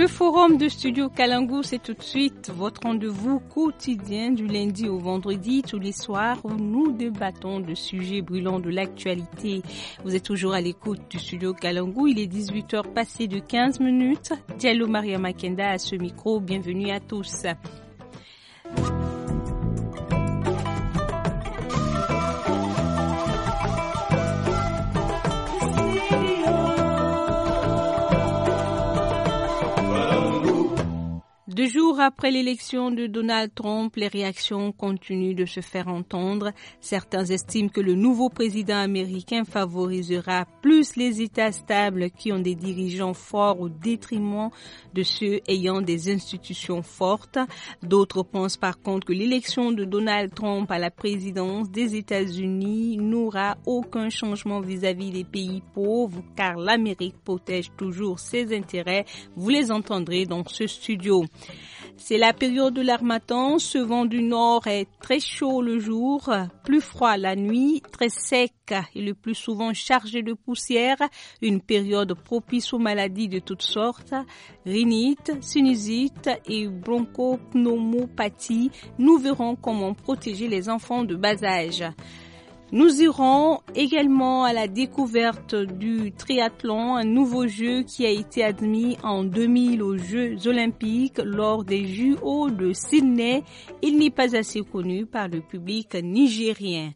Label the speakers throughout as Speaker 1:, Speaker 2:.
Speaker 1: Le forum de Studio Kalangou, c'est tout de suite votre rendez-vous quotidien du lundi au vendredi, tous les soirs, où nous débattons de sujets brûlants de l'actualité. Vous êtes toujours à l'écoute du Studio Kalangou. Il est 18h passé de 15 minutes. Diallo Maria Makenda à ce micro. Bienvenue à tous. Deux jours après l'élection de Donald Trump, les réactions continuent de se faire entendre. Certains estiment que le nouveau président américain favorisera plus les États stables qui ont des dirigeants forts au détriment de ceux ayant des institutions fortes. D'autres pensent par contre que l'élection de Donald Trump à la présidence des États-Unis n'aura aucun changement vis-à-vis des pays pauvres car l'Amérique protège toujours ses intérêts. Vous les entendrez dans ce studio. C'est la période de l'Armatan. Ce vent du nord est très chaud le jour, plus froid la nuit, très sec et le plus souvent chargé de poussière. Une période propice aux maladies de toutes sortes. Rhinite, sinusite et bronchopneumopathie. Nous verrons comment protéger les enfants de bas âge. Nous irons également à la découverte du triathlon, un nouveau jeu qui a été admis en 2000 aux Jeux olympiques lors des JO de Sydney. Il n'est pas assez connu par le public nigérien.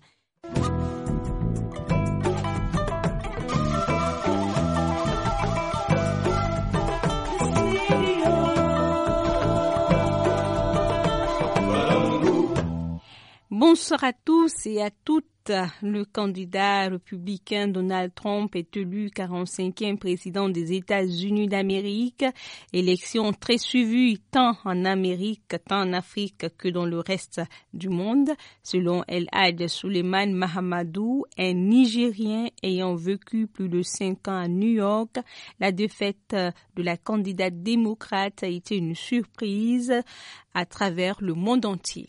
Speaker 1: Bonsoir à tous et à toutes le candidat républicain Donald Trump est élu 45e président des États-Unis d'Amérique, élection très suivie tant en Amérique, tant en Afrique que dans le reste du monde. Selon El Hadj Suleiman Mahamadou, un Nigérien ayant vécu plus de cinq ans à New York, la défaite de la candidate démocrate a été une surprise à travers le monde entier.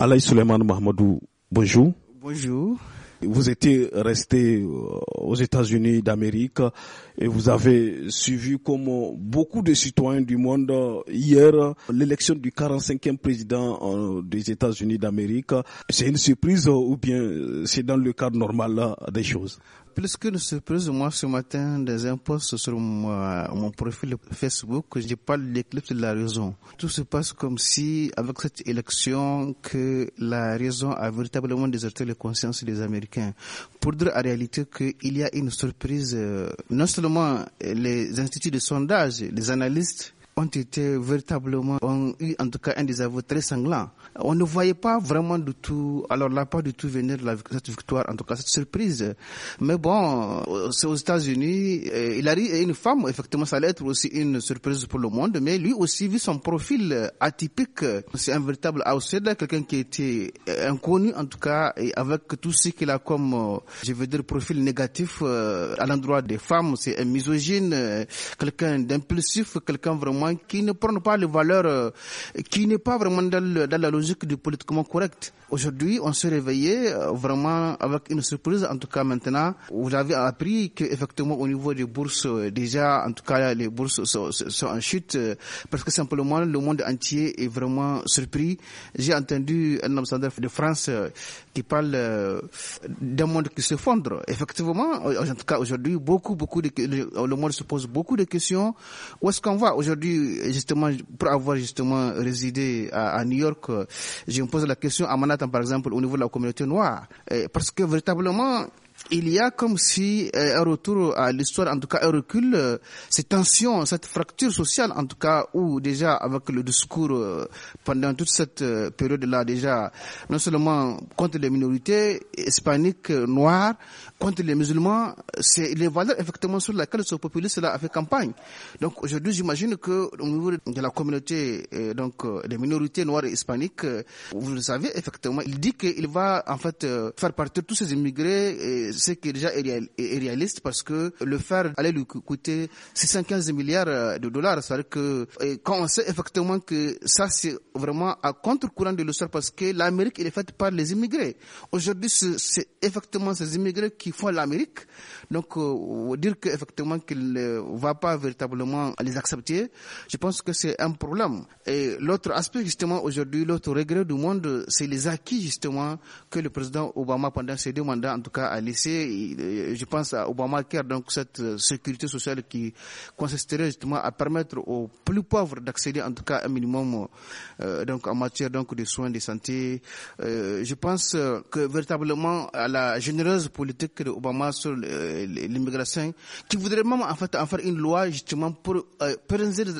Speaker 2: Alaï Suleiman Mahamadou, bonjour. Bonjour. Vous étiez resté euh, aux États-Unis d'Amérique et vous avez suivi comme beaucoup de citoyens du monde hier l'élection du 45e président euh, des États-Unis
Speaker 3: d'Amérique. C'est une surprise ou bien c'est dans le cadre normal des choses plus qu'une surprise, moi ce matin, dans un post sur moi, mon profil Facebook, je parle d'éclipse de la raison. Tout se passe comme si, avec cette élection, que la raison a véritablement déserté les consciences des Américains. Pour dire la réalité qu'il y a une surprise, euh, non seulement les instituts de sondage, les analystes, ont été véritablement, ont eu en tout cas un désavoué très sanglant. On ne voyait pas vraiment du tout, alors là, pas du tout venir la, cette victoire, en tout cas cette surprise. Mais bon, euh, c'est aux États-Unis, euh, il arrive une femme, effectivement, ça allait être aussi une surprise pour le monde, mais lui aussi, vu son profil euh, atypique, c'est un véritable outsider, quelqu'un qui était inconnu, en tout cas, et avec tout ce qu'il a comme, je veux dire, profil négatif à l'endroit des femmes, c'est un misogyne, quelqu'un d'impulsif, quelqu'un vraiment qui ne prennent pas les valeurs, euh, qui n'est pas vraiment dans, la logique du politiquement correct. Aujourd'hui, on se réveillait euh, vraiment avec une surprise. En tout cas, maintenant, vous avez appris qu'effectivement, au niveau des bourses, euh, déjà, en tout cas, les bourses sont, en chute parce que simplement, le monde entier est vraiment surpris. J'ai entendu un ambassadeur de France qui parle d'un monde qui s'effondre. Effectivement, en tout cas, aujourd'hui, beaucoup, beaucoup de, le monde se pose beaucoup de questions. Où est-ce qu'on va aujourd'hui? Euh, justement pour avoir justement résidé à, à New York, euh, je me pose la question à Manhattan par exemple au niveau de la communauté noire, parce que véritablement il y a comme si euh, un retour à l'histoire, en tout cas un recul, euh, ces tensions, cette fracture sociale, en tout cas, où déjà avec le discours euh, pendant toute cette période-là, déjà, non seulement contre les minorités hispaniques, noires, contre les musulmans, c'est les valeurs effectivement sur lesquelles ce populisme là a fait campagne. Donc aujourd'hui, j'imagine que au niveau de la communauté, donc des minorités noires et hispaniques, vous le savez, effectivement, il dit qu'il va en fait faire partir tous ces immigrés ce qui est déjà irréaliste parce que le faire allait lui coûter 615 milliards euh, de dollars. C'est-à-dire que quand on sait effectivement que ça, c'est vraiment à contre-courant de l'histoire parce que l'Amérique, elle est faite par les immigrés. Aujourd'hui, c'est effectivement ces immigrés qui font l'Amérique. Donc, euh, dire qu'effectivement qu'il ne va pas véritablement les accepter, je pense que c'est un problème. Et l'autre aspect, justement, aujourd'hui, l'autre regret du monde, c'est les acquis, justement, que le président Obama, pendant ses deux mandats, en tout cas, a laissé euh, je pense, à qui donc cette euh, sécurité sociale qui consisterait justement à permettre aux plus pauvres d'accéder en tout cas à un minimum euh, donc en matière donc de soins de santé. je pense que véritablement à la généreuse politique de Obama sur l'immigration, qui voudrait même en fait en faire une loi justement pour euh,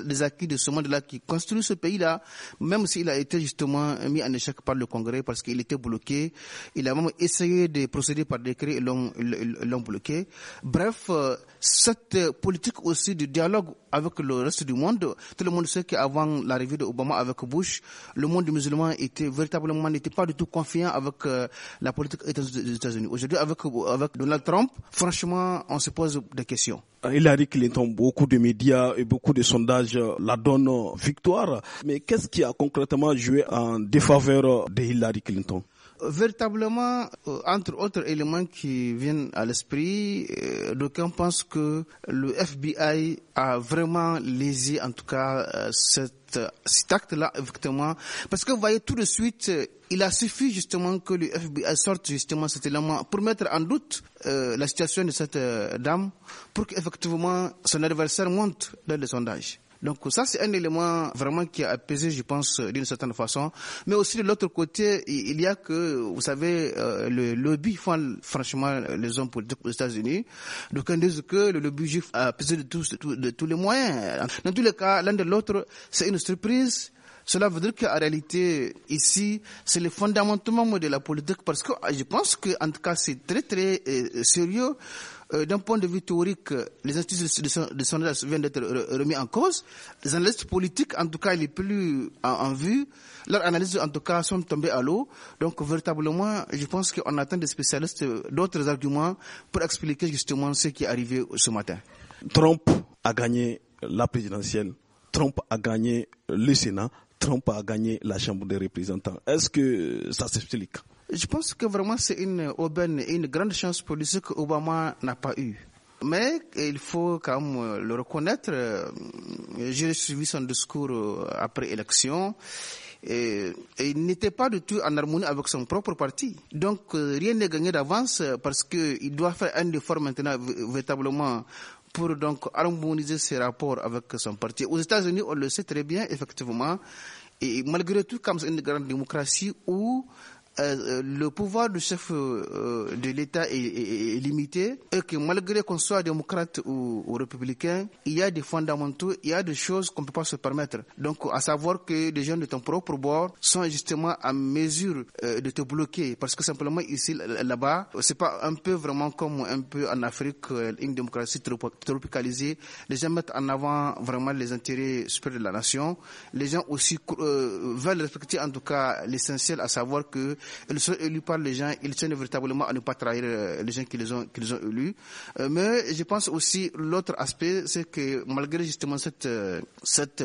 Speaker 3: les acquis de ce monde-là qui construit ce pays-là, même s'il a été justement mis en échec par le Congrès parce qu'il était bloqué. Il a même essayé de procéder par décret l'ont bloqué. Bref, euh, cette politique aussi de dialogue avec le reste du monde, tout le monde sait qu'avant l'arrivée d'Obama avec Bush, le monde musulman était véritablement n'était pas du tout confiant avec euh, la politique des États-Unis. Aujourd'hui, avec, avec Donald Trump, franchement, on se pose des questions.
Speaker 2: Euh, Hillary Clinton, beaucoup de médias et beaucoup de sondages la donnent victoire. Mais qu'est-ce qui a concrètement joué en défaveur de Hillary Clinton
Speaker 3: Véritablement, euh, entre autres éléments qui viennent à l'esprit, euh, d'aucuns pensent que le FBI a vraiment lésé, en tout cas, euh, cet, cet acte-là, effectivement. Parce que vous voyez tout de suite, il a suffi justement que le FBI sorte justement cet élément pour mettre en doute la situation de cette dame pour qu'effectivement son adversaire monte dans les sondages. Donc ça, c'est un élément vraiment qui a apaisé, je pense, d'une certaine façon. Mais aussi de l'autre côté, il y a que, vous savez, euh, le lobby franchement les hommes politiques aux États-Unis. Donc on dit que le lobby a apaisé de tous, de, tous les moyens. Dans tous les cas, l'un de l'autre, c'est une surprise. Cela veut dire qu'en réalité, ici, c'est le fondamentalement de la politique parce que je pense que, en tout cas, c'est très, très euh, sérieux euh, d'un point de vue théorique, euh, les instituts de, son, sondage viennent d'être remis en cause. Les analystes politiques, en tout cas les plus en, en vue, leurs analyses en tout cas sont tombées à l'eau. Donc véritablement, je pense qu'on attend des spécialistes euh, d'autres arguments pour expliquer justement ce qui est arrivé ce matin. Trump a gagné la présidentielle,
Speaker 2: Trump a gagné le Sénat, Trump a gagné la Chambre des représentants. Est-ce que
Speaker 3: ça s'explique je pense que vraiment c'est une aubaine et une grande chance politique que Obama n'a pas eue. Mais il faut quand même euh, le reconnaître. Euh, euh, j'ai suivi son discours après élection. Et, il n'était pas du tout en harmonie avec son propre parti. Donc rien n'est gagné d'avance parce qu'il doit faire un effort maintenant véritablement pour donc harmoniser ses rapports avec son parti. Aux États-Unis, on le sait très bien, effectivement, et malgré tout, comme c'est une grande démocratie où euh, euh, le pouvoir du chef euh, de l'État est, limité et que malgré qu'on soit démocrate ou, républicain, il y a des fondamentaux, il y a des choses qu'on ne peut pas se permettre. Donc, à savoir que les gens de ton propre bord sont justement à mesure de te bloquer parce que simplement ici, là-bas, c'est pas un peu vraiment comme un peu en Afrique, une démocratie tropicalisée. Les gens mettent en avant vraiment les intérêts supérieurs de la nation. Les gens aussi veulent respecter en tout cas l'essentiel, à savoir que ils sont élus par les gens, ils tiennent véritablement à ne pas trahir euh, les gens qui les ont, élus. Euh, mais je pense aussi l'autre aspect, c'est que malgré justement cette, euh,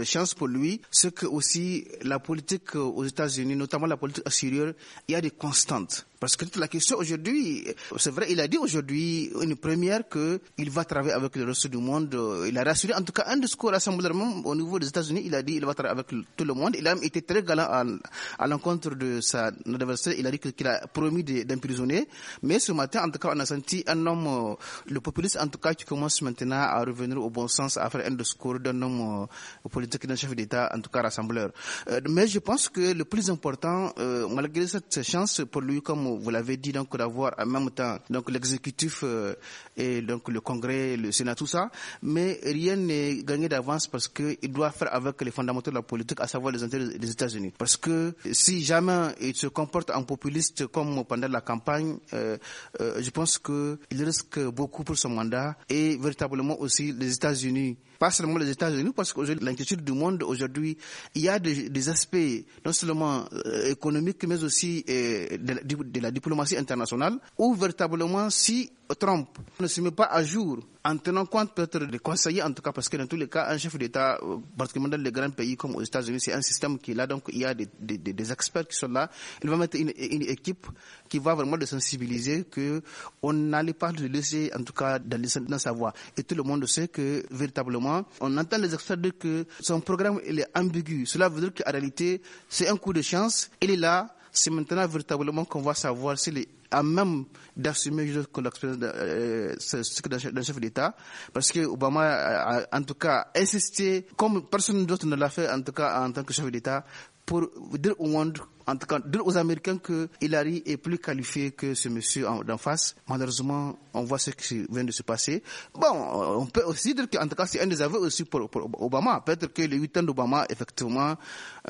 Speaker 3: chance pour lui, c'est que aussi la politique aux États-Unis, notamment la politique extérieure, il y a des constantes. Parce que toute la question aujourd'hui, c'est vrai, il a dit aujourd'hui une première qu'il va travailler avec le reste du monde. Il a rassuré en tout cas un discours rassemblement au niveau des États-Unis. Il a dit qu'il va travailler avec tout le monde. Il a même été très galant à, l'encontre de sa adversaire. Il a dit qu'il a promis d'emprisonner. Mais ce matin, en tout cas, on a senti un homme, euh, le populiste en tout cas, qui commence maintenant à revenir au bon sens, à faire un discours d'un homme euh, politique, d'un chef d'État, en tout cas rassembleur. Euh, mais je pense que le plus important, malgré cette chance pour lui comme vous l'avez dit, donc d'avoir en même temps donc l'exécutif euh, et donc le Congrès, le Sénat, tout ça. Mais rien n'est gagné d'avance parce qu'il doit faire avec les fondamentaux de la politique, à savoir les intérêts des États-Unis. Parce que si jamais il se comporte en populiste comme pendant la campagne, euh, euh je pense qu'il risque beaucoup pour son mandat et véritablement aussi les États-Unis pas seulement les États-Unis, parce que l'inquiétude du monde aujourd'hui, il y a des, aspects non seulement euh, économiques, mais aussi euh, de, de, la diplomatie internationale, où véritablement, si trompe, ne se met pas à jour en tenant compte peut-être des conseillers, en tout cas, parce que dans tous les cas, un chef d'État, euh, particulièrement dans les grands pays comme aux États-Unis, c'est un système qui est là, donc il y a des, experts qui sont là. Il va mettre une, équipe qui va vraiment le sensibiliser que on n'allait pas le laisser, en tout cas, dans, les, dans, sa voix Et tout le monde sait que, véritablement, on entend les experts dire que son programme, il est ambigu. Cela veut dire qu'en réalité, c'est un coup de chance. Il est là. C'est maintenant véritablement qu'on va savoir si les à même d'assumer euh, ce que d'un chef d'État, parce que Obama a, a, en tout cas insisté, comme personne d'autre ne l'a fait en tout cas en tant que chef d'État, pour dire au monde en tout cas dire aux Américains que Hillary est plus qualifiée que ce monsieur d'en face. Malheureusement, on voit ce qui vient de se passer. Bon, euh, on peut aussi dire qu'en tout cas, c'est un des aveux aussi pour, Obama. Peut-être que les huit ans d'Obama, effectivement,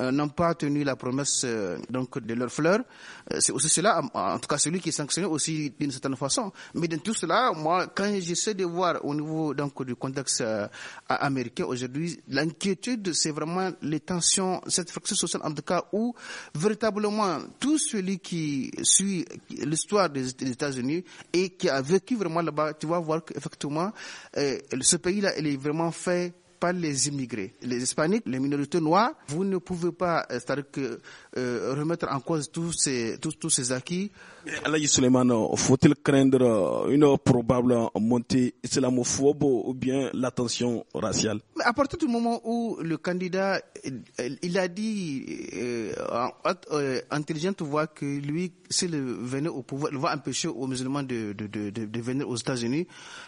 Speaker 3: euh, n'ont pas tenu la promesse euh, donc de leur fleur. c'est aussi cela, en tout cas, celui qui est sanctionné aussi d'une certaine façon. Mais dans tout cela, moi, quand j'essaie de voir au niveau donc du contexte américain aujourd'hui, l'inquiétude, c'est vraiment les tensions, cette fraction sociale, en tout cas, où véritablement véritablement tout celui qui suit l'histoire des, États-Unis et qui a vécu vraiment là-bas, tu vas voir qu'effectivement, euh, ce pays-là, il est vraiment fait par les immigrés. Les hispaniques, les minorités noires, vous ne pouvez pas euh, que, euh, remettre en cause tous ces, tous, ces acquis.
Speaker 2: Alaï Suleiman, faut-il craindre une probable montée islamophobe ou bien l'attention raciale
Speaker 3: à partir du moment où le candidat, il a dit euh, euh, intelligente voix que lui, s'il venait au pouvoir, il va empêcher aux musulmans de, de, de, venir aux États-Unis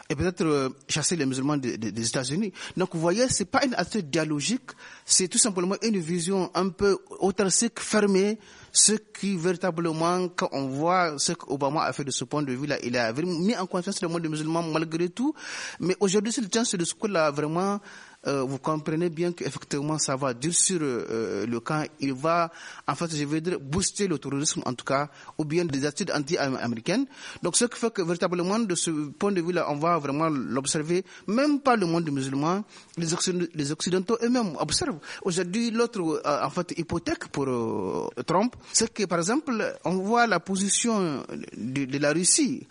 Speaker 3: et peut-être euh, chasser les musulmans des États-Unis. Donc vous voyez, c'est pas une attitude dialogique, c'est tout simplement une vision un peu autarcique, fermée, ce qui véritablement, quand on voit ce qu'Obama a fait de ce point de vue-là, il a mis en confiance le monde des musulmans malgré tout. Mais aujourd'hui, c'est le temps, ce que là vraiment, euh, vous comprenez bien qu'effectivement, ça va durcir euh, euh, le camp. Il va, en fait, je veux dire, booster le terrorisme, en tout cas, ou bien des attitudes anti-américaines. Donc, ce qui fait que, véritablement, de ce point de vue-là, on va vraiment l'observer, même pas le monde musulman, les, Occidentaux, les Occidentaux eux-mêmes observent. Aujourd'hui, l'autre, euh, en fait, hypothèque pour Trump, c'est que, par exemple, on voit la position de la Russie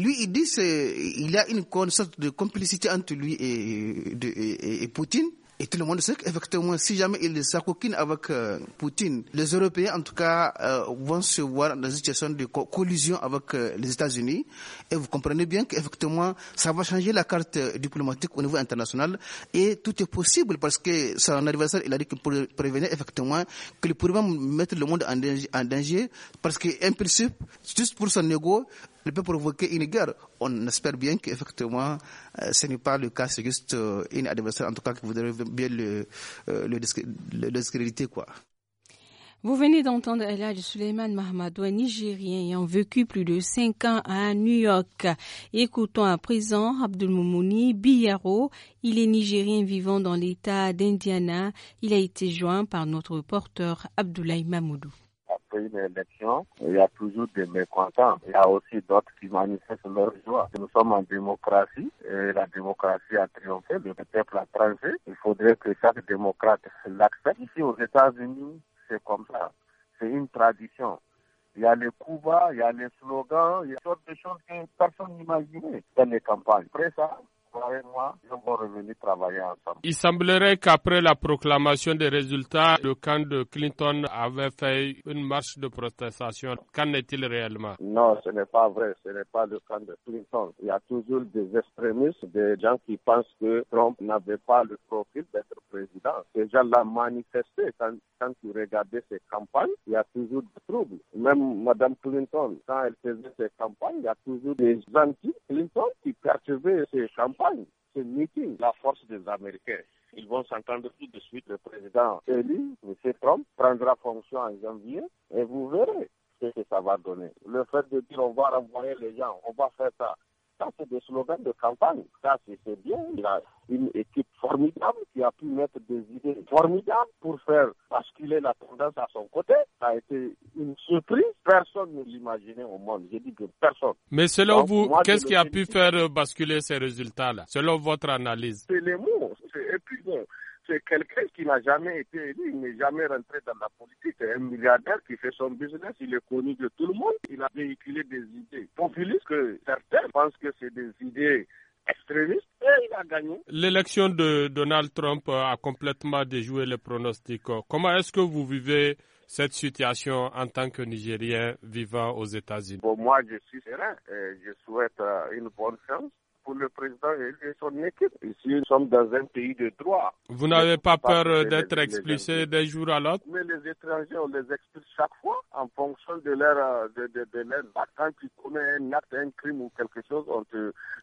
Speaker 3: lui, il dit qu'il y a une sorte de complicité entre lui et, Poutine. Et tout le monde sait qu'effectivement, si jamais il s'accoquine avec euh, Poutine, les Européens, en tout cas, euh, vont se voir dans une situation de co collusion avec euh, les États-Unis. Et vous comprenez bien qu'effectivement, ça va changer la carte diplomatique au niveau international. Et tout est possible parce que son adversaire, il a dit qu'il prévenait effectivement qu'il pourrait mettre le monde en danger, en danger parce qu'un principe, juste pour son ego, ne peut provoquer une guerre. On espère bien qu'effectivement, euh, ce n'est pas le cas, c'est juste euh, une adversaire, en tout cas, qui voudrait bien le, euh, le, discréditer. Quoi.
Speaker 1: Vous venez d'entendre Elad Suleiman un Nigérien ayant vécu plus de cinq ans à New York. Écoutons à présent Abdelmoumouni Biyaro. Il est Nigérien vivant dans l'État d'Indiana. Il a été joint par notre reporter Abdoulaye Mamoudou
Speaker 4: après une élection, il y a toujours des mécontents. Il y a aussi d'autres qui manifestent leur joie. Nous sommes en démocratie et la démocratie a triomphé, le peuple a tranché. Il faudrait que chaque démocrate l'accepte. Ici aux États-Unis, c'est comme ça. C'est une tradition. Il y a les coups bas, il y a les slogans, il y a toutes sortes de choses que personne n'imaginait dans les campagnes. Après ça, moi, travailler ensemble. Il
Speaker 5: semblerait qu'après la proclamation des résultats, le camp de Clinton avait fait une marche de protestation. Qu'en est-il réellement
Speaker 4: Non, ce n'est pas vrai. Ce n'est pas le camp de Clinton. Il y a toujours des extrémistes, des gens qui pensent que Trump n'avait pas le profil d'être président. Ces gens l'ont manifesté. Quand, vous tu regardais ses campagnes, il y a toujours des troubles. Même Mme Clinton, quand elle faisait ses campagnes, il y a toujours des anti-Clinton qui percevaient ses campagnes. C'est ce la force des Américains. Ils vont s'entendre tout de suite. Le président élu, M. Trump, prendra fonction en janvier et vous verrez ce que ça va donner. Le fait de dire on va renvoyer les gens, on va faire ça, ça, c'est des slogans de campagne. Ça, c'est bien. Il a une équipe formidable qui a pu mettre des idées formidables pour faire basculer la tendance à son côté. Ça a été une surprise. Personne ne l'imaginait au monde. J'ai dit que personne. Mais selon vous, qu'est-ce qui a pu
Speaker 5: faire basculer ces résultats-là, selon votre analyse
Speaker 4: C'est les mots. Et puis bon, c'est quelqu'un qui n'a jamais été élu, il n'est jamais rentré dans la politique. C'est un milliardaire qui fait son business, il est connu de tout le monde, il a véhiculé des idées populistes que certains pensent que c'est des idées extrémistes. et il a gagné.
Speaker 5: L'élection de Donald Trump a complètement déjoué les pronostics. Comment est-ce que vous vivez cette situation en tant que Nigérien vivant aux États-Unis Pour Moi, je
Speaker 4: suis serein je souhaite euh, une bonne chance le président et son équipe. Ici, nous sommes dans un pays de droit.
Speaker 5: Vous n'avez pas peur d'être expulsé d'un jour à l'autre
Speaker 4: Mais les étrangers, on les expulse chaque fois en fonction de leur, euh, de, de, Quand tu commets un acte, un crime ou quelque chose, on te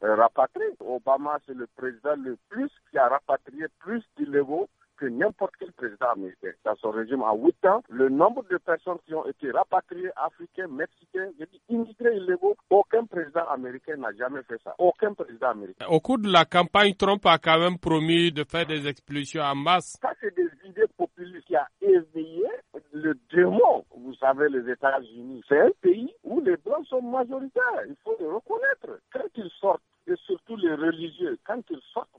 Speaker 4: euh, rapatrie. Obama, c'est le président le plus qui a rapatrié plus d'illégaux que n'importe quel président américain. Dans son régime à 8 ans, le nombre de personnes qui ont été rapatriées, africains, mexicains, je immigrés illégaux, aucun président américain n'a jamais fait ça. Aucun président
Speaker 5: américain. Au cours de la campagne, Trump a quand même promis de faire des expulsions en masse. Ça, c'est des
Speaker 4: idées populistes qui a éveillé le démon. Vous savez, les États-Unis, c'est un pays où les Blancs sont majoritaires. Il faut le reconnaître. Quand ils sortent, et surtout les religieux, quand ils sortent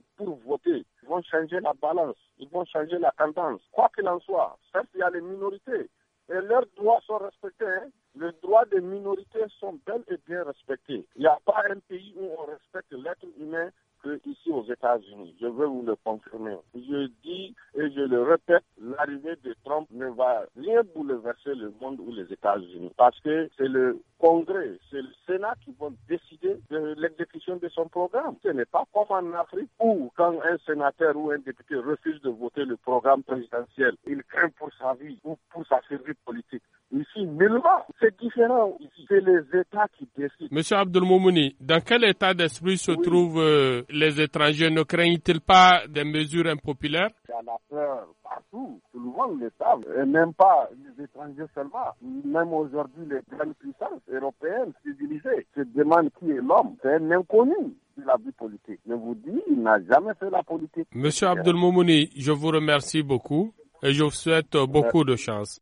Speaker 4: changer la balance, ils vont changer la tendance. Quoi qu'il en soit, certes, il y a les minorités et leurs droits sont respectés. Hein. Les droits des minorités sont bel et bien respectés. Il n'y a pas un pays où on respecte l'être humain que ici aux États-Unis. Je veux vous le confirmer. Je dis et je le répète, l'arrivée de Trump ne va rien bouleverser le monde ou les États-Unis parce que c'est le Congrès, c'est le Sénat qui vont décider de, l'exécution de son programme. Ce n'est pas comme en Afrique où quand un sénateur ou un député refuse de voter le programme présidentiel, il craint pour sa vie ou pour sa survie politique. Ici, part. c'est différent. C'est les États qui décident.
Speaker 5: Monsieur Abdelmoumouni, dans quel état d'esprit se trouvent euh, les étrangers Ne craignent-ils pas des mesures impopulaires
Speaker 4: Il y a peur partout le monde le savent, et même pas les étrangers seulement. Même aujourd'hui, les grandes puissances européennes civilisées se demandent qui est l'homme. C'est un inconnu de la vie
Speaker 1: politique. Je vous dis, il n'a jamais fait la politique.
Speaker 5: Monsieur Abdelmoumouni, je vous remercie beaucoup et je vous souhaite beaucoup de chance.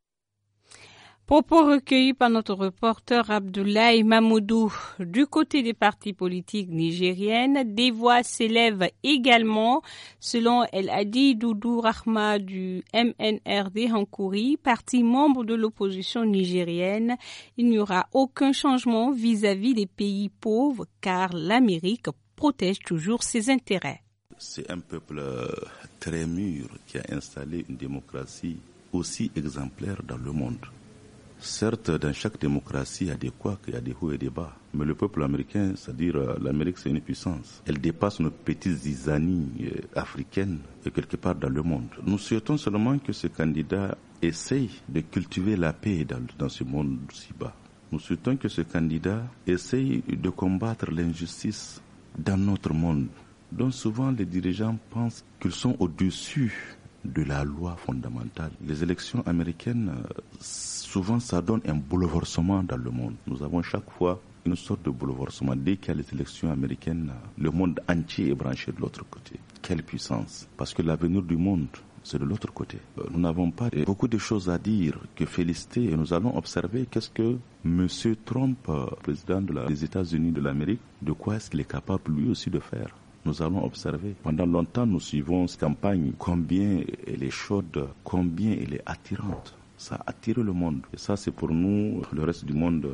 Speaker 1: Propos recueillis par notre reporter Abdoulaye Mamoudou. Du côté des partis politiques nigériennes, des voix s'élèvent également, selon El Hadi Doudou Rahma du MNRD Hankouri, parti membre de l'opposition nigérienne. Il n'y aura aucun changement vis à -vis des pays pauvres, car l'Amérique protège toujours ses intérêts.
Speaker 6: C'est un peuple euh, très mûr qui a installé une démocratie aussi exemplaire dans le monde. Certes, dans chaque démocratie, il y a des couacs, il y a des hauts et des bas. Mais le peuple américain, c'est-à-dire euh, l'Amérique, c'est une puissance. Elle dépasse nos petites isanies euh, africaines et quelque part dans le monde. Nous souhaitons seulement que ce candidat essaye de cultiver la paix dans, ce monde si bas. Nous souhaitons que ce candidat essaye de combattre l'injustice dans notre monde, dont souvent les dirigeants pensent qu'ils sont au-dessus de la loi fondamentale. Les élections américaines, euh, souvent, ça donne un bouleversement dans le monde. Nous avons chaque fois une sorte de bouleversement. Dès qu'il y a les élections américaines, euh, le monde entier est branché de l'autre côté. Quelle puissance Parce que l'avenir du monde, c'est de l'autre côté. Euh, nous n'avons pas beaucoup de choses à dire que féliciter et nous allons observer qu'est-ce que M. Trump, président des États-Unis de l'Amérique, de quoi est-ce qu'il est capable lui aussi de faire nous allons observer. Pendant longtemps, nous suivons cette campagne, combien elle est chaude, combien elle est attirante. Ça attire le monde. Et ça, c'est pour nous, le reste du monde,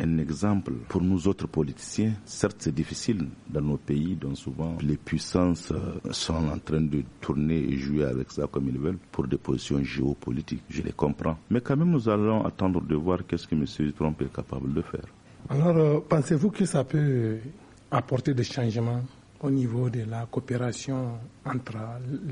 Speaker 6: un exemple pour nous autres politiciens. Certes, c'est difficile dans nos pays, dont souvent les puissances euh, sont en train de tourner et jouer avec ça comme ils veulent pour des positions géopolitiques. Je les comprends. Mais quand même, nous allons attendre de voir qu'est-ce que M. Trump est capable de faire.
Speaker 2: Alors, euh, pensez-vous que ça peut apporter des changements au niveau de la coopération entre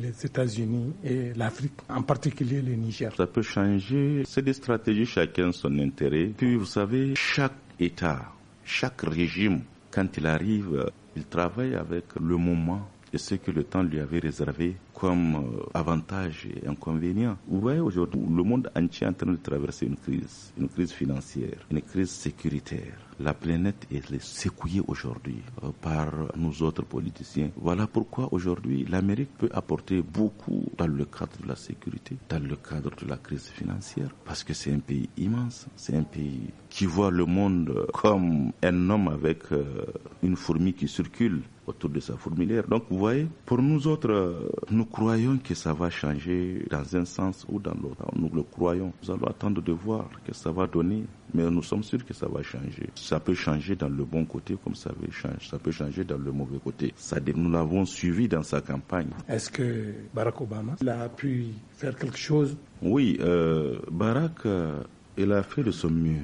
Speaker 2: les États-Unis et l'Afrique, en particulier le Niger.
Speaker 6: Ça peut changer, c'est des stratégies, chacun son intérêt. Puis vous savez, chaque État, chaque régime, quand il arrive, il travaille avec le moment et ce que le temps lui avait réservé comme euh, avantage et inconvénient. Vous voyez aujourd'hui le monde entier est en train de traverser une crise, une crise financière, une crise sécuritaire. La planète est secouée aujourd'hui euh, par nous autres politiciens. Voilà pourquoi aujourd'hui l'Amérique peut apporter beaucoup dans le cadre de la sécurité, dans le cadre de la crise financière, parce que c'est un pays immense, c'est un pays qui voit le monde comme un homme avec euh, une fourmi qui circule autour de sa fourmilière. Donc vous voyez, pour nous autres, euh, nous croyons que ça va changer dans un sens ou dans l'autre. Nous le croyons. Nous allons attendre de voir que ça va donner, mais nous sommes sûrs que ça va changer. Ça peut changer dans le bon côté comme ça va changer, ça peut changer dans le mauvais côté. Ça, nous l'avons suivi dans sa campagne.
Speaker 2: Est-ce que Barack Obama a pu faire quelque
Speaker 6: chose Oui, euh, Barack, euh, il a fait de son mieux.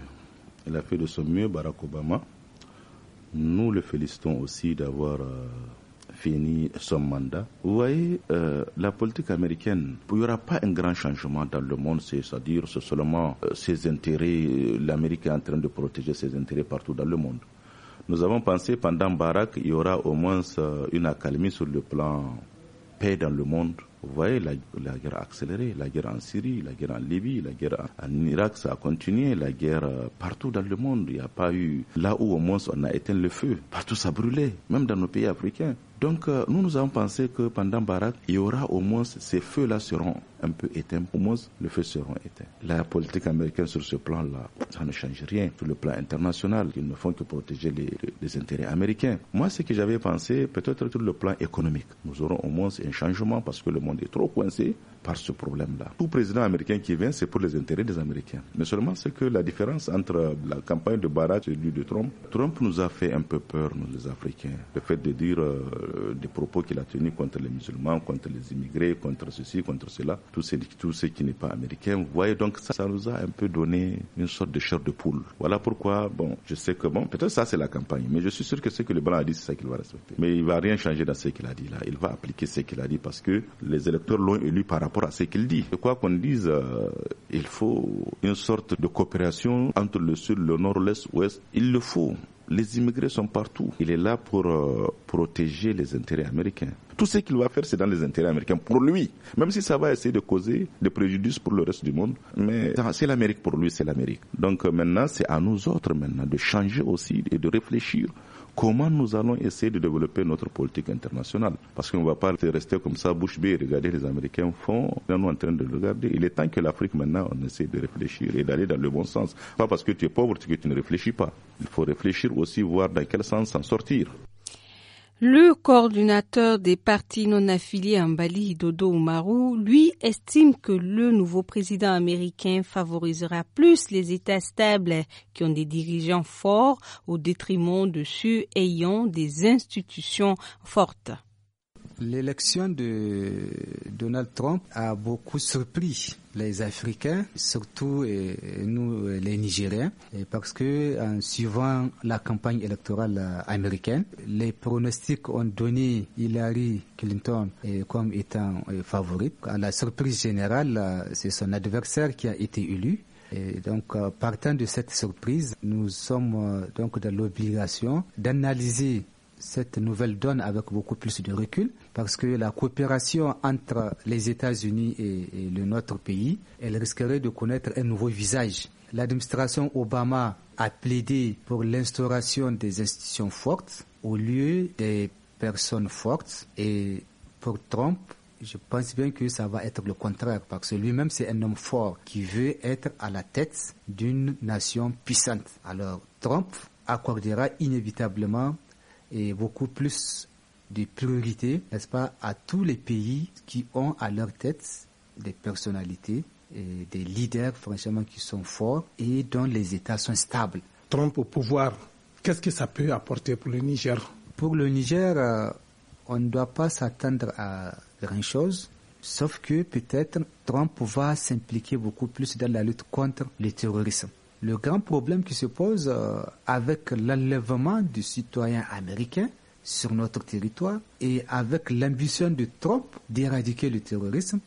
Speaker 6: Il a fait de son mieux, Barack Obama. Nous le félicitons aussi d'avoir euh, fini son mandat. Vous voyez, euh, la politique américaine, il n'y aura pas un grand changement dans le monde, c'est-à-dire seulement euh, ses intérêts, l'Amérique est en train de protéger ses intérêts partout dans le monde. Nous avons pensé pendant Barack, il y aura au moins une accalmie sur le plan paix dans le monde. Vous voyez, la, guerre a accéléré, la guerre en Syrie, la guerre en Libye, la guerre en, Irak, ça a continué, la guerre euh, partout dans le monde. Il n'y a pas eu, là où au moins on a éteint le feu, partout ça brûlait, même dans nos pays africains. Donc euh, nous, nous avons pensé que pendant Barack, il y aura au moins ces feux-là seront un peu éteints, au moins les feux seront éteints. La politique américaine sur ce plan-là, ça ne change rien. Sur le plan international, ils ne font que protéger les, les intérêts américains. Moi, ce que j'avais pensé, peut-être sur le plan économique, nous aurons au moins un changement parce que le monde est trop coincé par ce problème-là. Tout président américain qui vient, c'est pour les intérêts des Américains. Mais seulement c'est que la différence entre la campagne de Barack et celui de Trump, Trump nous a fait un peu peur, nous les Africains. Le fait de dire... Euh, euh, des propos qu'il a tenus contre les musulmans, contre les immigrés, contre ceci, contre cela, tout ce, tout ce qui n'est pas américain. Vous voyez, donc ça, nous a un peu donné une sorte de chair de poule. Voilà pourquoi, bon, je sais que, bon, peut-être ça c'est la campagne, mais je suis sûr que ce que le blanc a dit, c'est ça qu'il va respecter. Mais il va rien changer dans ce qu'il a dit là. Il va appliquer ce qu'il a dit parce que les électeurs l'ont élu par rapport à ce qu'il dit. quoi qu'on dise, euh, il faut une sorte de coopération entre le sud, le nord, l'est, l'ouest. Il le faut. Les immigrés sont partout. Il est là pour euh, protéger les intérêts américains. Tout ce qu'il va faire, c'est dans les intérêts américains pour lui. Même si ça va essayer de causer des préjudices pour le reste du monde, mais c'est l'Amérique pour lui, c'est l'Amérique. Donc euh, maintenant, c'est à nous autres maintenant de changer aussi et de réfléchir comment nous allons essayer de développer notre politique internationale. Parce qu'on ne va pas rester comme ça, bouche bée, regarder les Américains font, nous nous en train de regarder. Il est temps que l'Afrique maintenant, on essaie de réfléchir et d'aller dans le bon sens. Pas parce que tu es pauvre que tu ne réfléchis pas. Il faut réfléchir aussi, voir dans quel sens s'en sortir.
Speaker 1: Le coordinateur des partis non affiliés en Bali, Dodo Umaru, lui estime que le nouveau président américain favorisera plus les États stables qui ont des dirigeants forts au détriment de ceux ayant des institutions fortes.
Speaker 7: L'élection de Donald Trump a beaucoup surpris les Africains, surtout et nous les Nigériens, parce que en suivant la campagne électorale euh, américaine, les pronostics ont donné Hillary Clinton comme étant euh, favorite. À la surprise générale, euh, c'est son adversaire qui a été élu. Et donc, partant de cette surprise, nous sommes donc dans l'obligation d'analyser cette nouvelle donne avec beaucoup plus de recul parce que la coopération entre les États-Unis et, le notre pays, elle risquerait de connaître un nouveau visage. L'administration Obama a plaidé pour l'instauration des institutions fortes au lieu des personnes fortes et pour Trump, je pense bien que ça va être le contraire, parce que lui-même, c'est un homme fort qui veut être à la tête d'une nation puissante. Alors, Trump accordera inévitablement et beaucoup plus des priorités, n'est-ce pas, à tous les pays qui ont à leur tête des personnalités et des leaders, franchement, qui sont forts et dont les États sont stables. Trump au pouvoir, qu'est-ce que ça peut apporter pour le Niger Pour le Niger, euh, on ne doit pas s'attendre à grand-chose, sauf que peut-être Trump va s'impliquer beaucoup plus dans la lutte contre le terrorisme. Le grand problème qui se pose euh, avec l'enlèvement du citoyen américain, sur notre territoire et avec l'ambition de Trump d'éradiquer le terrorisme,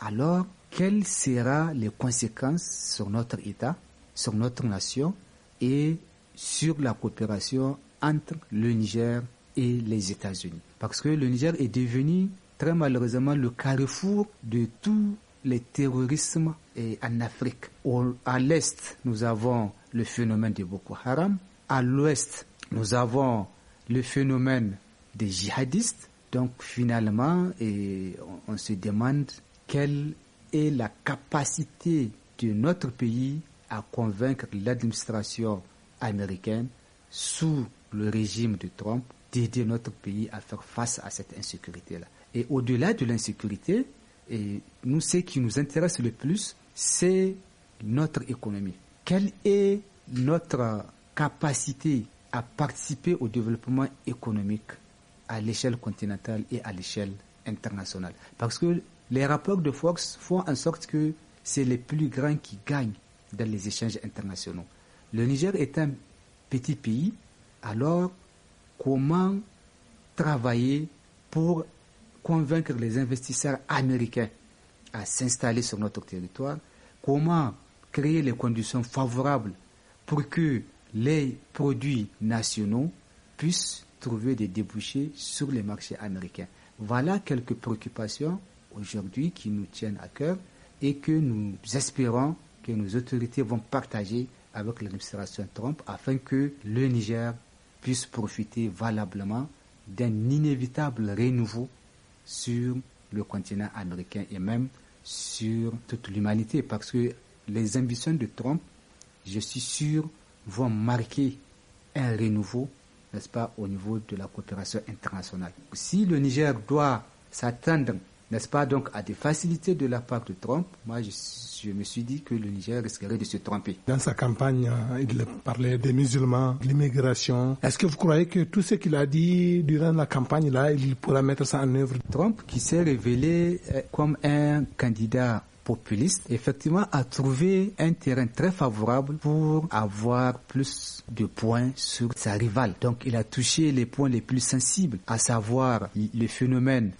Speaker 7: alors quelles seront les conséquences sur notre État, sur notre nation et sur la coopération entre le Niger et les États-Unis. Parce que le Niger est devenu très malheureusement le carrefour de tous les terrorismes en Afrique. à l'Est, nous avons le phénomène de Boko Haram. À l'Ouest, nous avons le phénomène des djihadistes. Donc finalement, et on, se demande quelle est la capacité de notre pays à convaincre l'administration américaine sous le régime de Trump d'aider notre pays à faire face à cette insécurité-là. Et au-delà de l'insécurité, et nous, ce qui nous intéresse le plus, c'est notre économie. Quelle est notre capacité à participer au développement économique à l'échelle continentale et à l'échelle internationale. Parce que les rapports de Fox font en sorte que c'est les plus grands qui gagnent dans les échanges internationaux. Le Niger est un petit pays, alors comment travailler pour convaincre les investisseurs américains à s'installer sur notre territoire Comment créer les conditions favorables pour que les produits nationaux puissent trouver des débouchés sur les marchés américains. Voilà quelques préoccupations aujourd'hui qui nous tiennent à cœur et que nous espérons que nos autorités vont partager avec l'administration Trump afin que le Niger puisse profiter valablement d'un inévitable renouveau sur le continent américain et même sur toute l'humanité parce que les ambitions de Trump, je suis sûr, vont marquer un renouveau, n'est-ce pas, au niveau de la coopération internationale. Si le Niger doit s'attendre, n'est-ce pas, donc à des facilités de la part de Trump, moi je, me suis dit que le Niger risquerait de se tromper. Dans sa campagne, euh, il parlait des
Speaker 2: musulmans, de l'immigration. Est-ce que vous croyez que tout ce qu'il a dit durant la campagne, là, il
Speaker 7: pourra mettre ça en œuvre Trump, qui s'est révélé euh, comme un candidat populiste, effectivement, a trouvé un terrain très favorable pour avoir plus de points sur sa rivale. Donc, il a touché les points les plus sensibles, à savoir le phénomène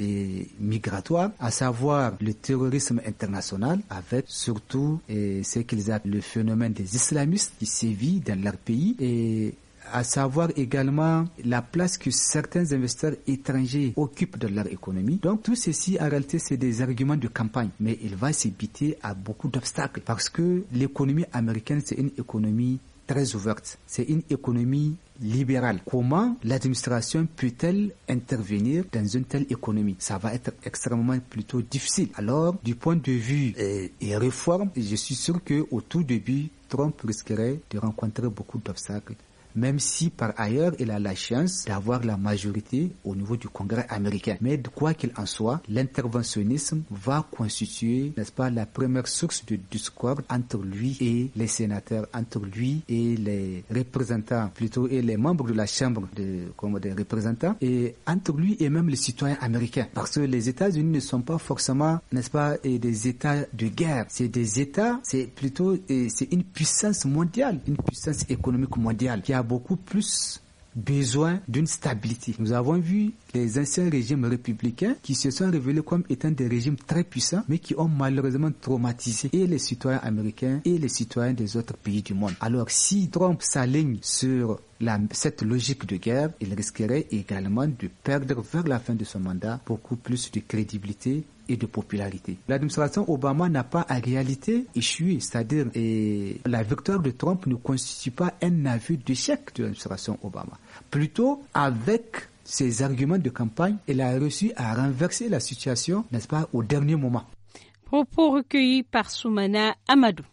Speaker 7: migratoire, à savoir le terrorisme international, avec surtout et ce qu'ils appellent le phénomène des islamistes qui sévit dans leur pays et à savoir également la place que certains investisseurs étrangers occupent dans leur économie. Donc tout ceci, en réalité, c'est des arguments de campagne, mais il va s'ébiter à beaucoup d'obstacles parce que l'économie américaine, c'est une économie très ouverte. C'est une économie libérale. Comment l'administration peut-elle intervenir dans une telle économie Ça va être extrêmement plutôt difficile. Alors, du point de vue euh, et réforme, je suis sûr que au tout début, Trump risquerait de rencontrer beaucoup d'obstacles même si par ailleurs il a la chance d'avoir la majorité au niveau du Congrès américain. Mais de quoi qu'il en soit, l'interventionnisme va constituer, n'est-ce pas, la première source de discorde entre lui et les sénateurs, entre lui et les représentants, plutôt et les membres de la Chambre de, comme des représentants, et entre lui et même les citoyens américains. Parce que les États-Unis ne sont pas forcément, n'est-ce pas, des États de guerre. C'est des États, c'est plutôt, c'est une puissance mondiale, une puissance économique mondiale qui a beaucoup plus besoin d'une stabilité. Nous avons vu des anciens régimes républicains qui se sont révélés comme étant des régimes très puissants, mais qui ont malheureusement traumatisé et les citoyens américains et les citoyens des autres pays du monde. Alors, si Trump s'aligne sur la, cette logique de guerre, il risquerait également de perdre vers la fin de son mandat beaucoup plus de crédibilité et de popularité. L'administration Obama n'a pas en réalité échoué, c'est-à-dire la victoire de Trump ne constitue pas un aveu d'échec de l'administration Obama. Plutôt, avec ses arguments de campagne, elle a réussi à renverser la situation, n'est-ce pas, au dernier moment.
Speaker 1: Propos recueillis par Soumana Amadou.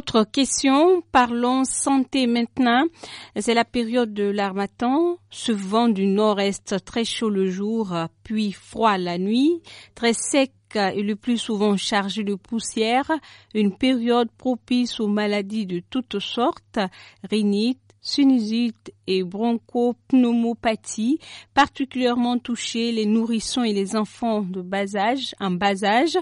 Speaker 1: Autre question, parlons santé maintenant. C'est la période de l'armatan. Ce vent du nord-est très chaud le jour, puis froid la nuit, très sec et le plus souvent chargé de poussière, une période propice aux maladies de toutes sortes, rhinite, sinusite et bronchopneumopathie, particulièrement touchés les nourrissons et les enfants de bas âge, en bas âge.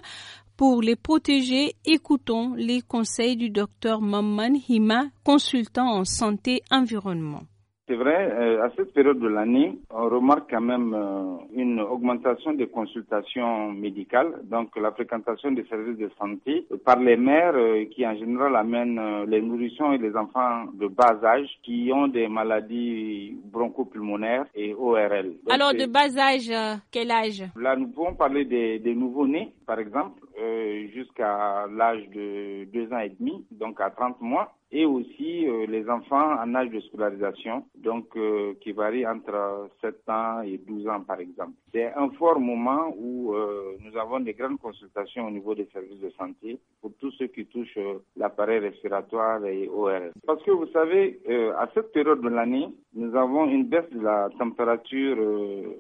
Speaker 1: Pour les protéger, écoutons les conseils du docteur Mamman Hima, consultant en santé environnement.
Speaker 8: C'est vrai, euh, à cette période de l'année, on remarque quand même euh, une augmentation des consultations médicales, donc la fréquentation des services de santé par les mères euh, qui en général amènent les nourrissons et les enfants de bas âge qui ont des maladies bronchopulmonaires et ORL. Alors de
Speaker 1: bas âge, quel âge
Speaker 8: Là, nous pouvons parler des, des nouveaux-nés par exemple, euh, jusqu'à l'âge de 2 ans et demi, donc à 30 mois, et aussi euh, les enfants en âge de scolarisation, donc euh, qui varie entre 7 ans et 12 ans, par exemple. C'est un fort moment où euh, nous avons des grandes consultations au niveau des services de santé pour tous ceux qui touchent l'appareil respiratoire et ORS. Parce que vous savez, à cette période de l'année, nous avons une baisse de la température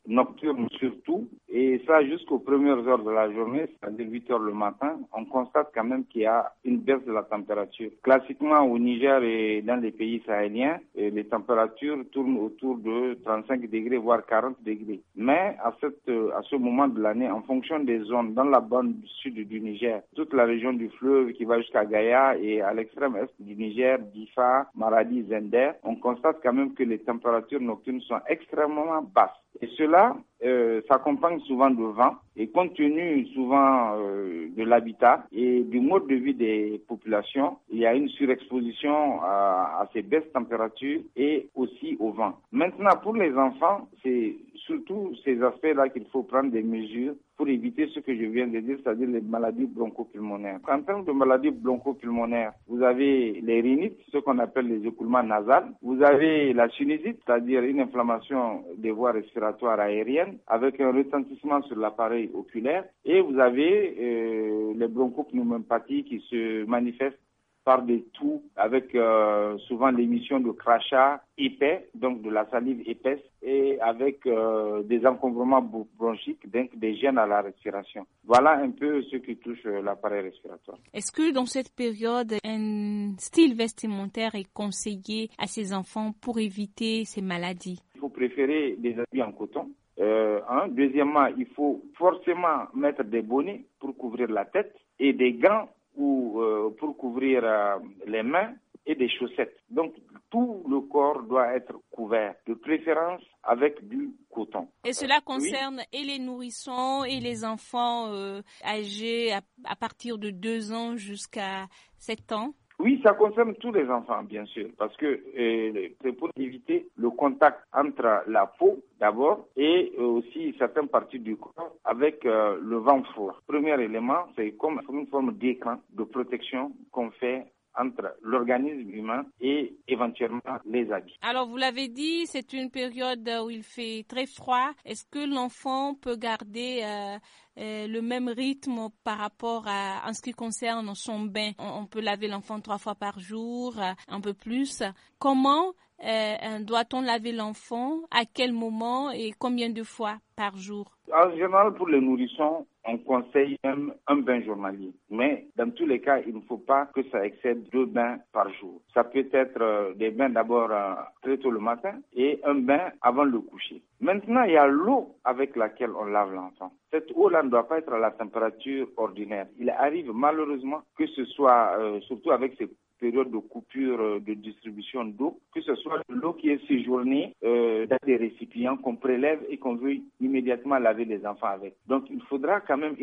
Speaker 8: nocturne surtout, et ça jusqu'aux premières heures de la journée, 18 8 heures le matin, on constate quand même qu'il y a une baisse de la température. Classiquement, au Niger et dans les pays sahéliens, les températures tournent autour de 35 degrés, voire 40 degrés. Mais à, cette, à ce moment de l'année, en fonction des zones, dans la bande sud du Niger, toute la région du fleuve qui va jusqu'à Gaïa et à l'extrême est du Niger, Difa, Maradi, Zender, on constate quand même que les températures nocturnes sont extrêmement basses. Et cela euh, s'accompagne souvent de vent et compte tenu souvent euh, de l'habitat et du mode de vie des populations, il y a une surexposition à, à ces baisses températures et aussi au vent. Maintenant, pour les enfants, c'est surtout ces aspects-là qu'il faut prendre des mesures pour éviter ce que je viens de dire, c'est-à-dire les maladies bronchopulmonaires. En termes de maladies bronchopulmonaires, vous avez les rhinites, ce qu'on appelle les écoulements nasales. Vous avez la sinusite, c'est-à-dire une inflammation des voies respiratoires aériennes avec un retentissement sur l'appareil oculaire. Et vous avez euh, les bronchopneumopathies qui se manifestent par des toux, avec euh, souvent l'émission de crachats épais, donc de la salive épaisse, et avec euh, des encombrements bronchiques, donc des gènes à la respiration. Voilà un peu ce qui touche euh, l'appareil respiratoire.
Speaker 1: Est-ce que dans cette période, un style vestimentaire est conseillé à ces enfants pour éviter ces maladies
Speaker 8: Il faut préférer des habits en coton. Euh, Deuxièmement, il faut forcément mettre des bonnets pour couvrir la tête et des gants pour euh, pour couvrir euh, les mains et des chaussettes. Donc tout le corps doit être couvert, de préférence avec du coton. Et
Speaker 1: cela concerne et les nourrissons et les enfants euh, âgés à, à, partir de 2 ans jusqu'à 7 ans
Speaker 8: oui, ça concerne tous les enfants, bien sûr, parce que euh, c'est pour éviter le contact entre la peau d'abord et euh, aussi certaines parties du corps avec euh, le vent froid. Premier élément, c'est comme une forme d'écran de protection qu'on fait entre l'organisme humain et éventuellement les habits.
Speaker 1: Alors vous l'avez dit, c'est une période où il fait très froid. Est-ce que l'enfant peut garder euh, euh, le même rythme par rapport à en ce qui concerne son bain On, peut laver l'enfant trois fois par jour, euh, un peu plus. Comment doit-on laver l'enfant À quel moment et combien de fois par jour
Speaker 8: En général, pour les nourrissons, on conseille même un bain journalier. Mais dans tous les cas, il ne faut pas que ça excède deux bains par jour. Ça peut être euh, des bains d'abord euh, très tôt le matin et un bain avant le coucher. Maintenant, il y a l'eau avec laquelle on lave l'enfant. Cette eau-là ne doit pas être à la température ordinaire. Il arrive malheureusement que ce soit, euh, surtout avec ces période de coupure euh, de distribution d'eau, que ce soit de l'eau qui est séjournée euh, dans des récipients qu'on prélève et qu'on veut immédiatement laver les enfants avec. Donc il faudra quand même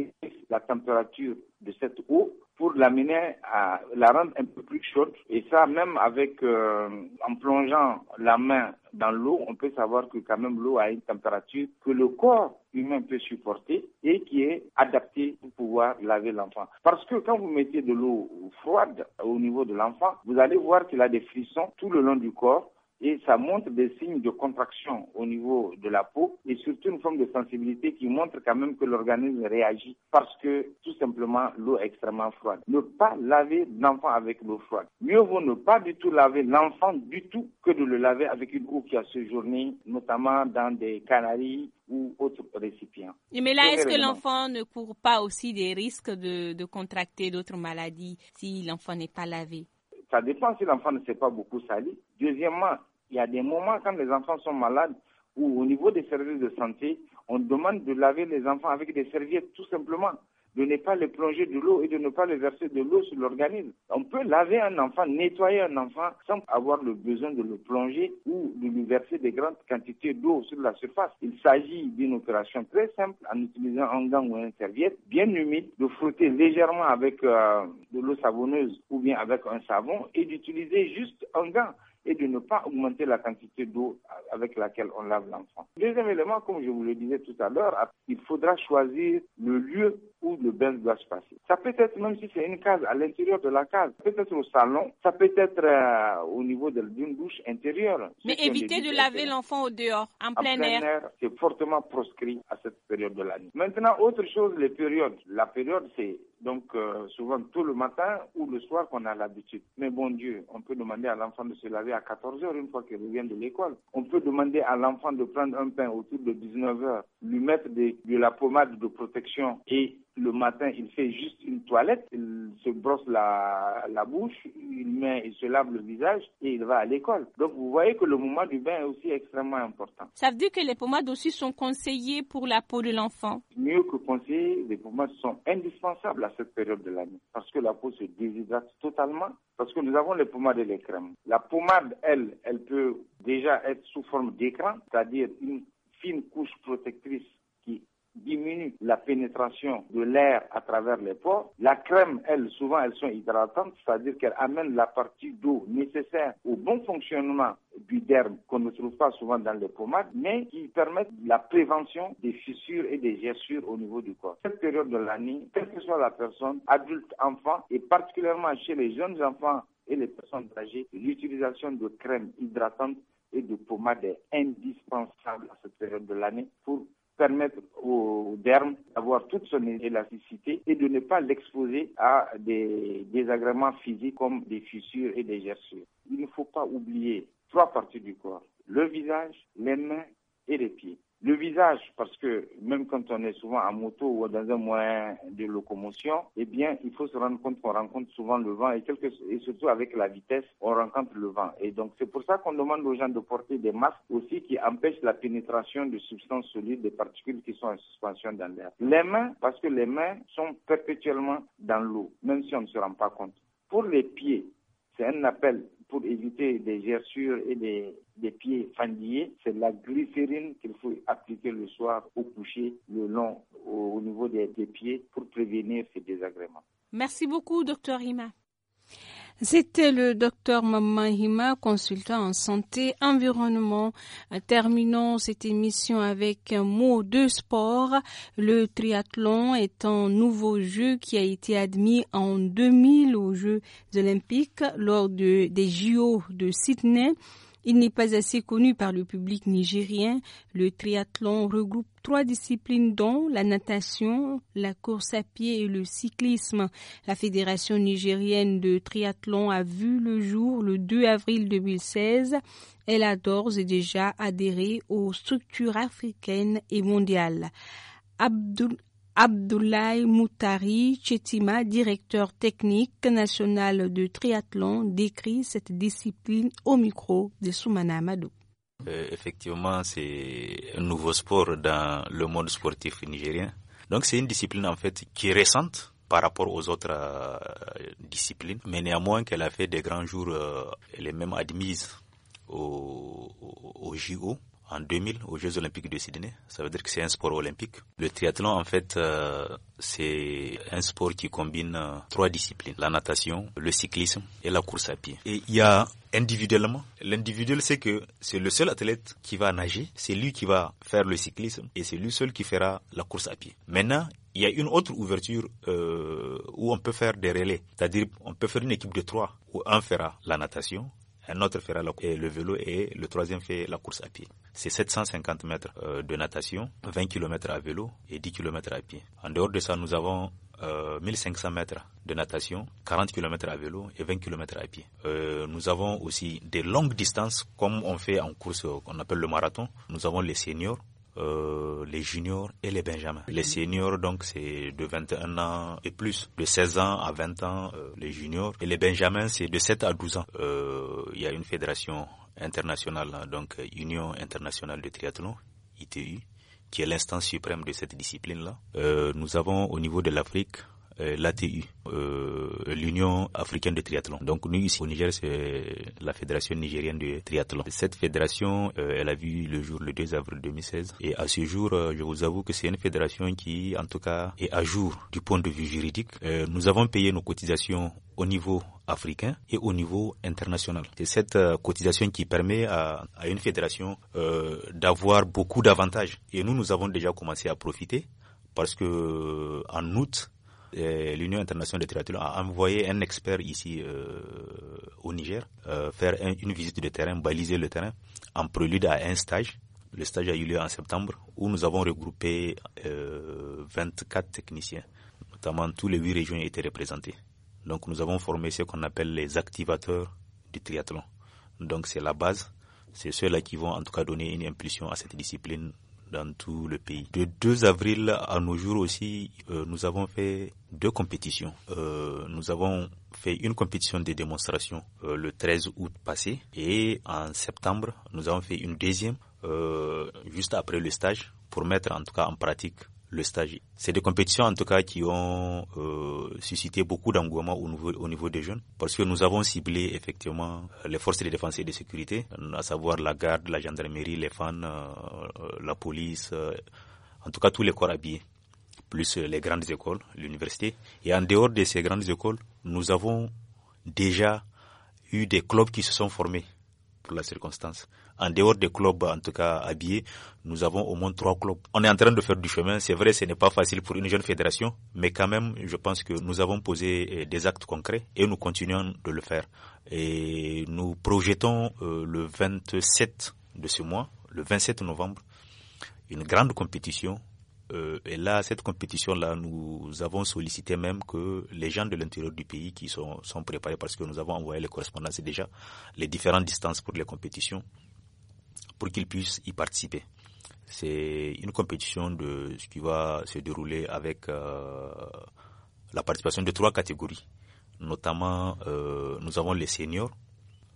Speaker 8: la température de cette eau pour l'amener à la rendre un peu plus chaude. Et ça, même avec, euh, en plongeant la main dans l'eau, on peut savoir que quand même l'eau a une température que le corps humain peut supporter et qui est adapté pour pouvoir laver l'enfant. Parce que quand vous mettez de l'eau froide au niveau de l'enfant, vous allez voir qu'il a des frissons tout le long du corps et ça montre des signes de contraction au niveau de la peau et surtout une forme de sensibilité qui montre quand même que l'organisme réagit parce que tout simplement l'eau est extrêmement froide. Ne pas laver l'enfant avec l'eau froide. Mieux vaut ne pas du tout laver l'enfant du tout que de le laver avec une eau qui a séjourné, notamment dans des canaries ou autres récipients. Mais là, est-ce que
Speaker 1: l'enfant ne court pas aussi des risques de, de contracter d'autres maladies si l'enfant n'est pas lavé
Speaker 8: ça dépend si l'enfant ne s'est pas beaucoup sali. Deuxièmement, il y a des moments quand les enfants sont malades ou au niveau des services de santé, on demande de laver les enfants avec des serviettes tout simplement, de ne pas les plonger de l'eau et de ne pas les verser de l'eau sur l'organisme. On peut laver un enfant, nettoyer un enfant sans avoir le besoin de le plonger ou de lui verser des grandes quantités d'eau sur la surface. Il s'agit d'une opération très simple en utilisant un gant ou une serviette bien humide, de frotter légèrement avec euh, de l'eau savonneuse ou bien avec un savon et d'utiliser juste un gant et de ne pas augmenter la quantité d'eau avec laquelle on lave l'enfant. Deuxième élément, comme je vous le disais tout à l'heure, il faudra choisir le lieu où le bain doit se passer. Ça peut être, même si c'est une case, à l'intérieur de la case, ça peut être au salon, ça peut être euh, au niveau d'une douche intérieure. Mais éviter
Speaker 1: de laver l'enfant au dehors, en, en plein, air. air
Speaker 8: c'est fortement proscrit à cette période de l'année. Maintenant, autre chose, les périodes. La période, c'est donc, euh, souvent, tout le matin ou le soir qu'on a l'habitude. Mais bon Dieu, on peut demander à l'enfant de se laver à 14 heures une fois qu'il revient de l'école. On peut demander à l'enfant de prendre un pain autour de 19 heures, lui mettre de la pommade de protection et le matin, il fait juste une toilette, il se brosse la, la bouche, il, met, il se lave le visage et il va à l'école. Donc vous voyez que le moment du bain est aussi extrêmement important.
Speaker 1: Ça veut dire que les pommades aussi sont conseillées pour la peau de l'enfant
Speaker 8: Mieux que conseillées, les pommades sont indispensables à cette période de l'année parce que la peau se déshydrate totalement parce que nous avons les pommades et les crèmes. La pommade, elle, elle peut déjà être sous forme d'écran, c'est-à-dire une fine couche protectrice diminue la pénétration de l'air à travers les pores. La crème, elle, souvent, elles sont hydratantes, c'est-à-dire qu'elle amène la partie d'eau nécessaire au bon fonctionnement du derme qu'on ne trouve pas souvent dans les pommades, mais qui permettent la prévention des fissures et des gerçures au niveau du corps. Cette période de l'année, quelle que soit la personne, adulte, enfant, et particulièrement chez les jeunes enfants et les personnes âgées, l'utilisation de crèmes hydratantes et de pommades est indispensable à cette période de l'année pour permettre au derme d'avoir toute son élasticité et de ne pas l'exposer à des désagréments physiques comme des fissures et des gerçures. Il ne faut pas oublier trois parties du corps, le visage, les mains et les pieds le visage, parce que même quand on est souvent en moto ou dans un moyen de locomotion, eh bien, il faut se rendre compte qu'on rencontre souvent le vent et, quelque, et surtout avec la vitesse, on rencontre le vent. Et donc, c'est pour ça qu'on demande aux gens de porter des masques aussi qui empêchent la pénétration de substances solides, des particules qui sont en suspension dans l'air. Les mains, parce que les mains sont perpétuellement dans l'eau, même si on ne se rend pas compte. Pour les pieds, c'est un appel pour éviter des gerçures et des, pieds fendillés, c'est la glycérine qu'il faut appliquer le soir au coucher, le long, au, niveau des, pieds, pour prévenir ces désagréments.
Speaker 1: Merci beaucoup, docteur Ima. C'était le docteur Mamahima, consultant en santé, environnement. Terminons cette émission avec un mot de sport. Le triathlon est un nouveau jeu qui a été admis en 2000 aux Jeux olympiques lors des JO de Sydney. Il n'est pas assez connu par le public nigérien. Le triathlon regroupe trois disciplines dont la natation, la course à pied et le cyclisme. La Fédération nigérienne de triathlon a vu le jour le 2 avril 2016. Elle a d'ores et déjà adhéré aux structures africaines et mondiales. Abdoulaye Moutari Chetima, directeur technique national de triathlon, décrit cette discipline au micro de Soumana Amadou.
Speaker 9: Euh, effectivement, c'est un nouveau sport dans le monde sportif nigérien. Donc c'est une discipline en fait qui est récente par rapport aux autres euh, disciplines, mais néanmoins qu'elle a fait des grands jours, euh, elle est même admise au, au, au JO en 2000 aux Jeux Olympiques de Sydney. Ça veut dire que c'est un sport olympique. Le triathlon, en fait, euh, c'est un sport qui combine euh, trois disciplines. La natation, le cyclisme et la course à pied. Et il y a individuellement. L'individuel, c'est que c'est le seul athlète qui va nager, c'est lui qui va faire le cyclisme et c'est lui seul qui fera la course à pied. Maintenant, il y a une autre ouverture euh, où on peut faire des relais. C'est-à-dire, on peut faire une équipe de trois où un fera la natation, un autre fera le vélo et le troisième fait la course à pied. C'est 750 mètres euh, de natation, 20 km à vélo et 10 km à pied. En dehors de ça, nous avons 1500 euh, mètres de natation, 40 km à vélo et 20 km à pied. Euh, nous avons aussi des longues distances comme on fait en course qu'on appelle le marathon. Nous avons les seniors euh, les juniors et les benjamins. Les mhm. seniors, donc, c'est de 21 ans et plus, de 16 ans à 20 ans, euh, les juniors. Et les benjamins, c'est de 7 à 12 ans. Euh, il y a une fédération internationale, donc Union internationale de triathlon, ITU, qui est l'instance suprême de cette discipline-là. nous avons au niveau de l'Afrique euh, l'ATU, euh, l'Union africaine de triathlon. Donc nous ici au Niger, c'est la fédération nigérienne de triathlon. Cette fédération, euh, elle a vu le jour le 2 avril 2016 et à ce jour, euh, je vous avoue que c'est une fédération qui, en tout cas, est à jour du point de vue juridique. nous avons payé nos cotisations au niveau africain et au niveau international. C'est cette cotisation qui permet à, à une fédération euh, d'avoir beaucoup d'avantages. Et nous, nous avons déjà commencé à profiter parce que en août, euh, l'Union internationale de Triathlon a envoyé un expert ici euh, au Niger euh, faire une visite de terrain, baliser le terrain, en prélude à un stage. Le stage a eu lieu en septembre où nous avons regroupé 24 techniciens, notamment tous les huit régions étaient représentées. Donc nous avons formé ce qu'on appelle les activateurs du triathlon. Donc c'est la base, c'est ceux-là qui vont en tout cas donner une impulsion à cette discipline dans tout le pays. De 2 avril à nos jours aussi, euh, nous avons fait deux compétitions. Euh, nous avons fait une compétition de démonstration euh, le 13 août passé et en septembre, nous avons fait une deuxième euh, juste après le stage pour mettre en tout cas en pratique le C'est des compétitions en tout cas qui ont euh, suscité beaucoup d'engouement au niveau, au niveau des jeunes parce que nous avons ciblé effectivement les forces de défense et de sécurité, à savoir la garde, la gendarmerie, les fans, euh, euh, la police, en tout cas tous les corps habillés plus les grandes écoles, l'université. Et en dehors de ces grandes écoles, nous avons déjà eu des clubs qui se sont formés pour la circonstance. En dehors des clubs, en tout cas habillés, nous avons au moins trois clubs. On est en train de faire du chemin. C'est vrai, ce n'est pas facile pour une jeune fédération, mais quand même, je pense que nous avons posé euh, des actes concrets et nous continuons de le faire. Et nous projetons euh, le 27 de ce mois, le 27 novembre, une grande compétition euh, et là, cette compétition-là, nous avons sollicité même que les gens de l'intérieur du pays qui sont, sont préparés, parce que nous avons envoyé les correspondances déjà, les différentes distances pour les compétitions, pour qu'ils puissent y participer. C'est une compétition de ce qui va se dérouler avec euh, la participation de trois catégories. Notamment, euh, nous avons les seniors,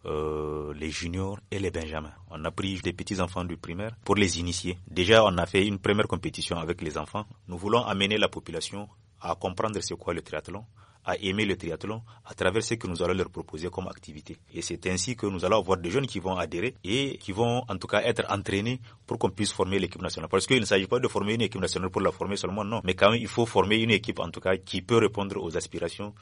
Speaker 9: euh, les juniors et les benjamins. On a pris des petits enfants du primaire pour les initier. Déjà, on a fait une première compétition avec les enfants. Nous voulons amener la population à comprendre ce quoi le triathlon, à aimer le triathlon à travers ce que nous allons leur proposer comme activité. Et c'est ainsi que nous allons avoir des jeunes qui vont adhérer et qui vont en tout cas être entraînés pour qu'on puisse former l'équipe nationale. Parce qu'il ne s'agit pas de former une équipe nationale pour la former seulement, non. Mais quand même, il faut former une équipe en tout cas qui peut répondre aux aspirations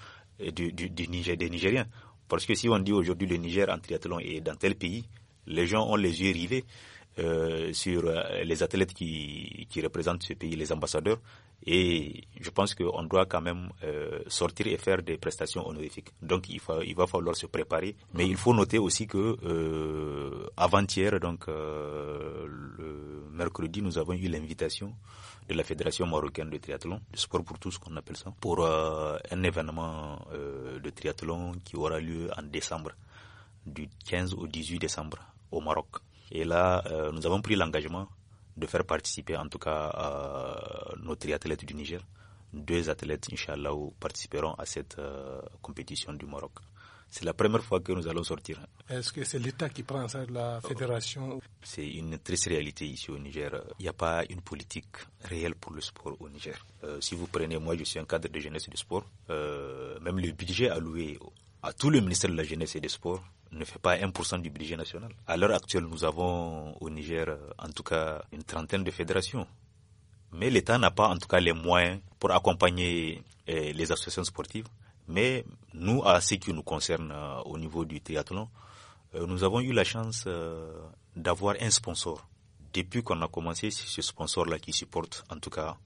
Speaker 9: du, du, Niger, des Nigériens. Parce que si on dit aujourd'hui le Niger en triathlon et dans tel pays, les gens ont les yeux rivés euh, sur euh, les athlètes qui, qui représentent ce pays, les ambassadeurs, et je pense qu'on doit quand même euh, sortir et faire des prestations honorifiques. Donc il, il va falloir se préparer. Mais il faut noter aussi que euh, avant-hier, donc euh, le mercredi, nous avons eu l'invitation de la Fédération marocaine de triathlon, du sport pour tous qu'on appelle ça, pour un événement de triathlon qui aura lieu en décembre, du 15 au 18 décembre au Maroc. Et là, nous avons pris l'engagement de faire participer en tout cas euh, nos triathlètes du Niger. Deux athlètes, Inch'Allah, participeront à cette euh, compétition du Maroc. C'est la première fois que nous allons sortir.
Speaker 2: Est-ce que c'est l'État qui prend ça, la euh, fédération
Speaker 9: C'est une triste réalité ici au Niger. Il n'y a pas une politique réelle pour le sport au Niger. si vous prenez, moi je suis un cadre de jeunesse du sport, même le budget alloué tout le ministère de la Jeunesse et des Sports ne fait pas 1% du budget national. À l'heure actuelle, nous avons au Niger euh, en tout cas une trentaine de fédérations. Mais l'État n'a pas en tout cas les moyens pour accompagner euh, les associations sportives. Mais nous, à ce qui nous concerne euh, au niveau du triathlon, nous avons eu la chance d'avoir un sponsor. Depuis qu'on a commencé, c'est ce sponsor-là qui supporte en tout cas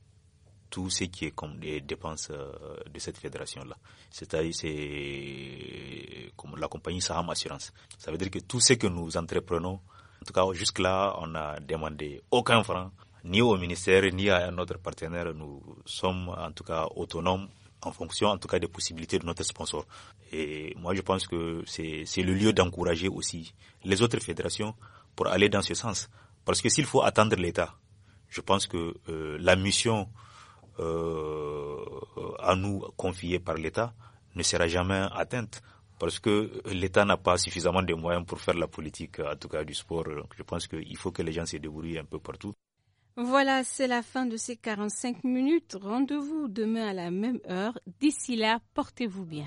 Speaker 9: tout ce qui est comme des dépenses euh, de cette fédération-là. C'est-à-dire, c'est comme la compagnie Saham Assurance. Ça veut dire que tout ce que nous entreprenons, en tout cas, jusque-là, on n'a demandé aucun franc, ni au ministère, ni à un autre partenaire. Nous sommes, en tout cas, autonomes en fonction en tout cas des possibilités de notre sponsor. Et moi je pense que c'est le lieu d'encourager aussi les autres fédérations pour aller dans ce sens. Parce que s'il faut attendre l'État, je pense que euh, la mission euh, à nous confiée par l'État ne sera jamais atteinte parce que l'État n'a pas suffisamment de moyens pour faire la politique, en tout cas du sport. je pense qu'il faut que les gens se débrouillent un peu partout.
Speaker 1: Voilà, c'est la fin de ces 45 minutes. Rendez-vous demain à la même heure. D'ici là, portez-vous bien.